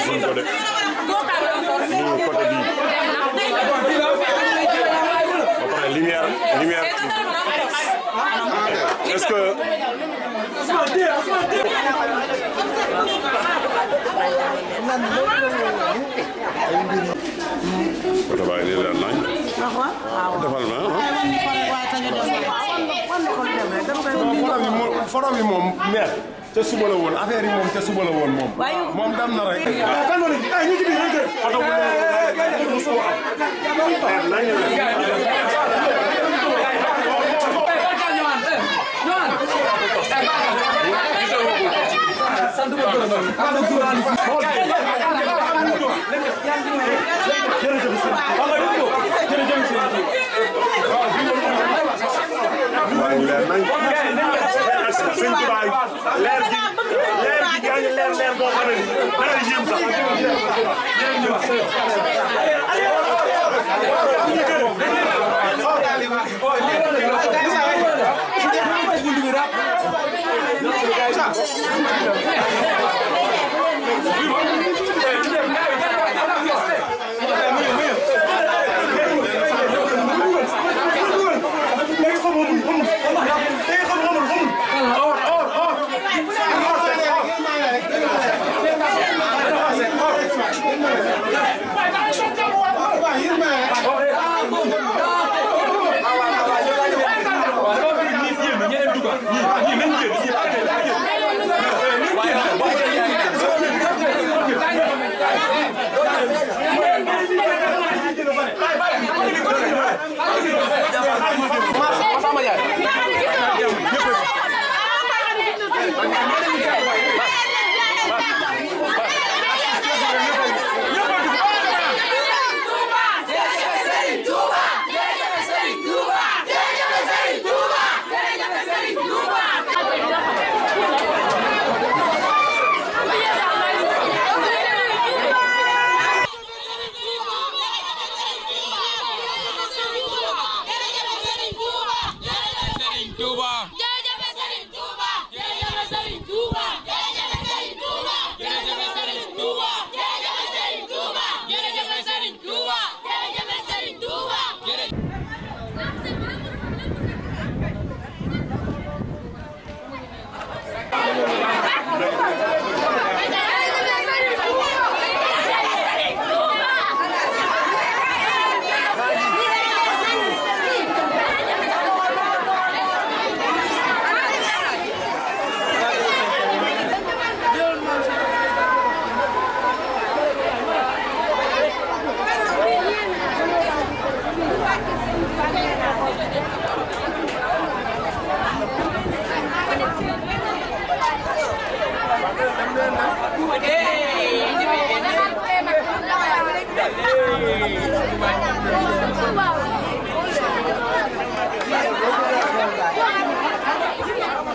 suñ ko def ñu côté bii ba pare lumière lumière est-ce que oto baa ngi nii daal nañ defal na ah forom yi moom meer te suba la woon affaire yi moom te suba la woon moom. moom dem na rek. Ah, kan nga nii ay ñu ci biir ñu jël. oto bu ñëw. Eh, eh, sant waay leer gi leer gi gaa ngi leer leer boo xam ne dara yéem sax yéem ñu Mama, yeah. Serigne Touba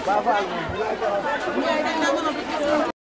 Ba Fall